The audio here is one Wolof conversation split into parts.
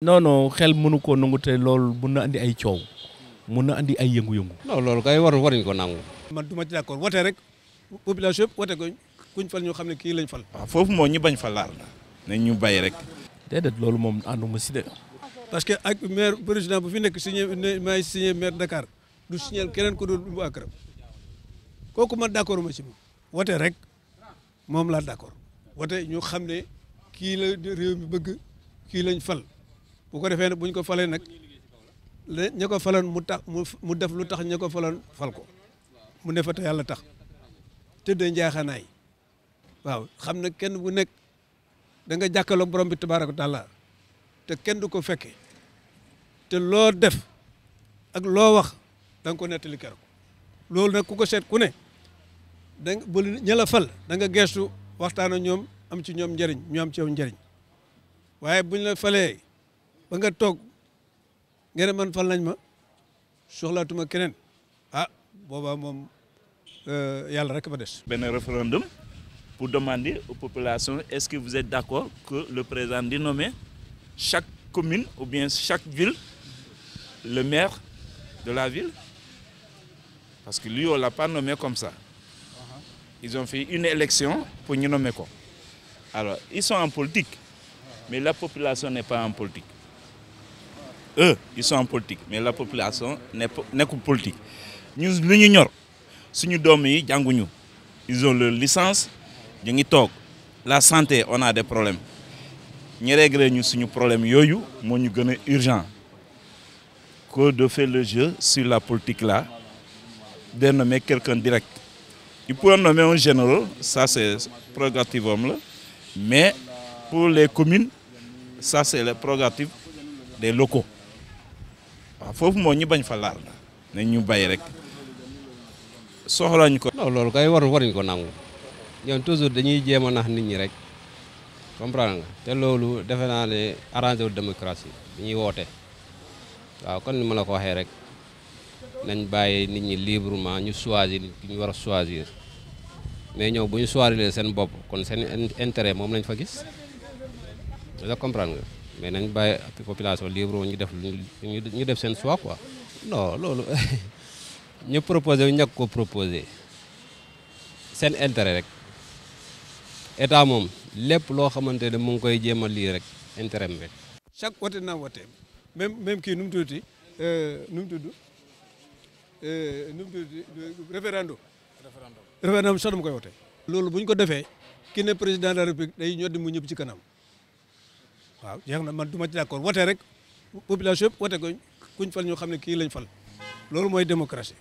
non non xel mënu ko nangu te loolu mun na andi ay coow mun na andi ay yëngu-yëngu. non loolu kay war waruñu ko nangu. man du ma ci d'accord wote rek population yëpp wote ko kuñ fal ñu xam ne kii lañ fal. waaw ah, foofu moo ñu bañ fa laal na ñu bàyyi rek déedéet loolu moom ànduma si de. parce que ak maire président bu fi nekk signé ne maay signé maire Dakar du signé keneen ku dul bu Akram kooku man d'accord ma si moom wote rek moom laa d'accord wote ñu xam ne kii la réew mi bëgg kii lañ fal bu ko defee nag buñ ko falee nag ña ko faloon mu tax mu def lu tax ña ko faloon fal ko mu ne fa te yàlla tax tëddee njaaxanaay waaw xam na kenn bu nekk. da nga jàkkaarloog borom bi tabaaraka taala te kenn du ko fekke te loo def ak loo wax danga nga ko nettali keroog loolu nag ku ko seet ku ne da nga bu fal danga nga geestu waxtaan ak ñoom am ci ñoom njëriñ ñoom am ci yow njëriñ waaye buñ la falee ba nga toog ngeen man fal nañ ma soxlaatuma keneen ah boobaa moom euh, yàlla rekk ba des. benn référendum. pour demander aux populations est-ce que vous êtes d'accord que le président di nommer chaque commune ou bien chaque ville le maire de la ville parce que lui on l'a pas nommé comme ça uh-huh. ils ont fait une élection pour ñu nommer ko alors ils sont en politique mais la population n'est pas en politique eux ils sont en politique mais la population n'est pas nekkul politique ñun lu ñu ñor suñu doom yi jànguñu ils ont leur licence ñu ngi toog la santé on a des problèmes ñu réglé ñu suñu problème yooyu moo ñu gën a urgent que de faire le jeu sur la politique là de nommer quelqu'un direct il peut nommer un général ça c'est prérogative am la mais pour les communes ça c'est la prérogative des locaux waaw foofu moo ñu bañ fa laal na ñu bàyyi rek soxlañu ko. loolu kay war waruñu ko nangu. ñoom toujours dañuy jéem a nax nit ñi rek comprendre nga te loolu defe naa ne arrangé wu démocratie bi ñuy woote waaw kon ni ma la ko waxee rek nañ bàyyi nit ñi librement ñu choisir ki ñu war a choisir mais ñëw bu ñu choisir seen bopp kon seen intérêt moom lañ fa gis da comprendre nga mais nañ bàyyi population libre ñu def ñu def seen soit quoi non loolu ñu proposé wu ñàkk ko proposé seen intérêt rek état moom lépp loo xamante ne mu ngi koy jéem a lii rek intérêt rek. chaque wote naa wote même même kii nu mu tuddati euh, nu mu tudd euh, nu mu tuddati référendum. référendum référendum koy wote. loolu bu ñu ko defee ki ne président de la république day ñoddi mu ñëpp ci kanam waaw jeex na man du ma ci d'accord wote rek population yëpp wote ko kuñ fal ñoo xam ne kii lañ fal loolu mooy démocratie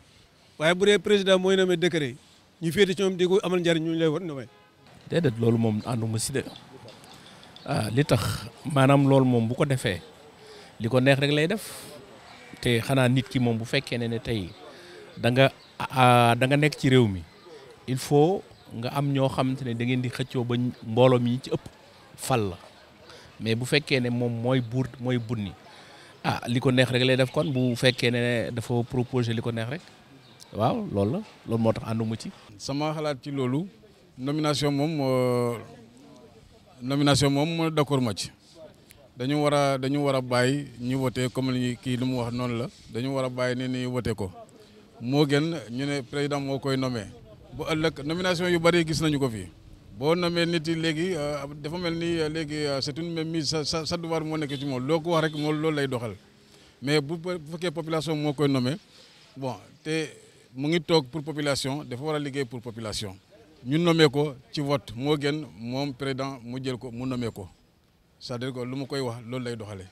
waaye bu dee président mooy nommé décret yi ñu féete ci ñoom di ko amal njariñ ñu lay war nommé. déedéet loolu moom ànduma si da ah li tax maanaam loolu moom bu ko defee li ko neex rek lay def te xanaa nit ki moom bu fekkee ne ne tey da nga ah, da nga nekk ci réew mi il faut nga am ñoo xamante ne da di xëccoo ba mbooloo mi ci ëpp fal la mais bu fekkee ne moom mooy buur mooy but bunni ah li ko neex rek lay def kon bu fekkee ne dafa proposer li ko neex rek waaw loolu la loolu moo tax ànduma ci. sama xalaat ci loolu. nomination moom moo euh, nomination moom d'accord ma ci dañu war a dañu war a bàyyi ñu wote comme li kii lu mu wax noonu la dañu war a bàyyi ne ni wote ko moo gën ñu ne président moo koy nommé bu ëllëg nomination yu bari gis nañu ko fii boo nommé nit yi léegi euh, dafa mel ni euh, léegi c'est une même mise sa sa devoir moo nekk ci moom loo ko wax rek moo loolu lay doxal mais bu fekkee population moo koy nommé bon te mu ngi toog pour population dafa war a liggéey pour population. ñu nommé ko ci vote moo gën moom président mu jël ko mu nommé ko c'est-à-dire que lu mu koy wax loolu lay doxalee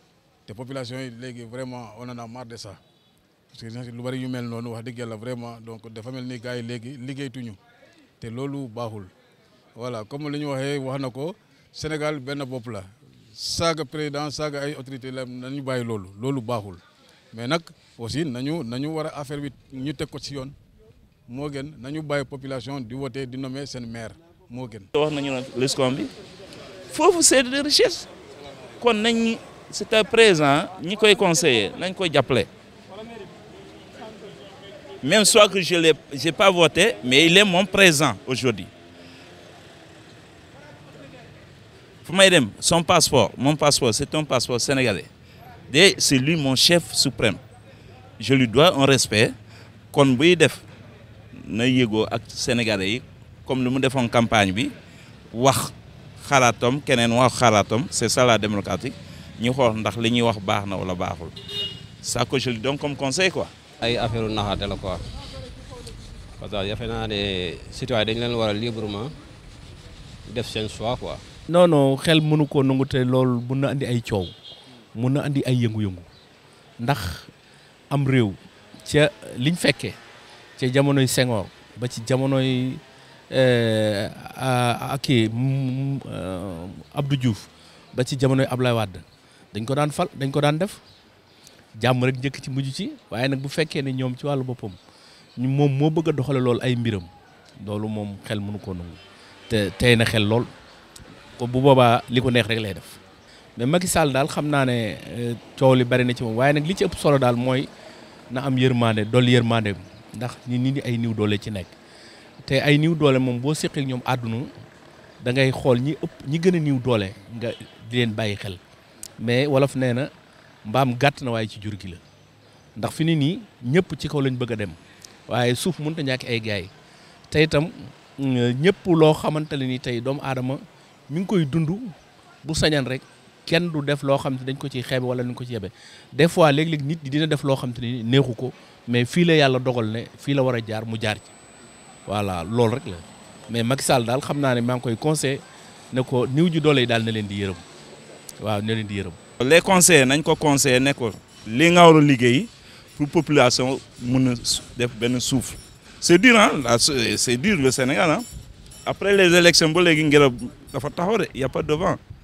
te population yi léegi vraiment on en a marre de parce que lu bari yu mel noonu wax dëgg yàlla vraiment donc dafa mel ni gars yi léegi liggéeytuñu te loolu baaxul voilà comme lu ñu waxee wax na ko Sénégal benn bopp la saaga président saaga ay autorité la ñu bàyyi loolu loolu baaxul mais nag aussi nañu nañu war a affaire bi ñu teg ko ci yoon. moo gën nañu bàyyi population di wote di nommer seen maire moo gën. wax nañu nag l'ISCOM bi foofu c'est de richesse kon nañ c'est à présent ñi koy conseiller nañ koy jàppale même soit que je l'ai j'ai pas voté mais il est mon présent aujourd'hui fu may dem son passeport mon passeport c'est un passeport sénégalais et c'est lui mon chef suprême je lui dois un respect kon buy def na yëgoo ak sénégalais yi comme lu mu defoon campagne bi wax xalaatam keneen wax xalaatam se ça la démocratique ñu xool ndax li ñuy wax baax na wala baaxul ça que je lui donne comme conseil quoi. ay affaire naxaate la quoi parce que defe naa ne citoyen dañ leen war a librement def seen choix quoi. non xel mënu ko nangu te loolu mun na andi ay coow mun na indi ay yëngu-yëngu ndax am réew ca liñ fekkee. ci jamonoy Senghor ba ci jamonoy eh, kii mm, mm, Abdou Diouf ba ci jamonoy Ablaye wàdd dañ ko daan fal dañ ko daan def jàmm rek njëkk ci mujj ci waaye nag bu fekkee ne ñoom ci wàllu boppam ñu moom moo bëgg a doxale loolu ay mbiram loolu moom xel mënu ko te tey na xel lool ko bu boobaa li ko neex rek lay def mais Macky Sall daal xam naa ne eh, coow li bari na ci moom waaye nag li ci ëpp solo daal mooy na am yërmande dolli yërmande ndax ñi nit ñi ay niw doole ci nekk te ay niw doole moom boo séqee ñoom àdduna da ngay xool ñi ëpp ñi gën a niw doole nga di leen bàyyi xel mais wolof nee na mbaam gàtt na waaye ci jur gi la ndax fi ni nii ñëpp ci kaw lañ bëgg a dem waaye suuf mënut a ñàkk ay gaay te itam ñëpp loo xamante ne ni tey doomu aadama mi ngi koy dund bu sañan rek kenn du def loo xam te dañ ko ciy xeebe wala dañ ko ci yebe des fois léeg nit di dina def loo xam te ni neexu ko mais fii la yàlla dogal ne fii la war a jaar mu jaar ci voilà loolu rek la mais Macky Sall daal xam naa ne maa ngi koy conseil ne ko niw ji doole yi daal na leen di yërëm waaw na leen di yërëm. les conseillers nañ ko conseiller ne ko nga war a liggéey pour population mun a def benn souffle c'est dur ah c'est dur le Sénégal a après les élections ba léegi ngelaw dafa taxaw de y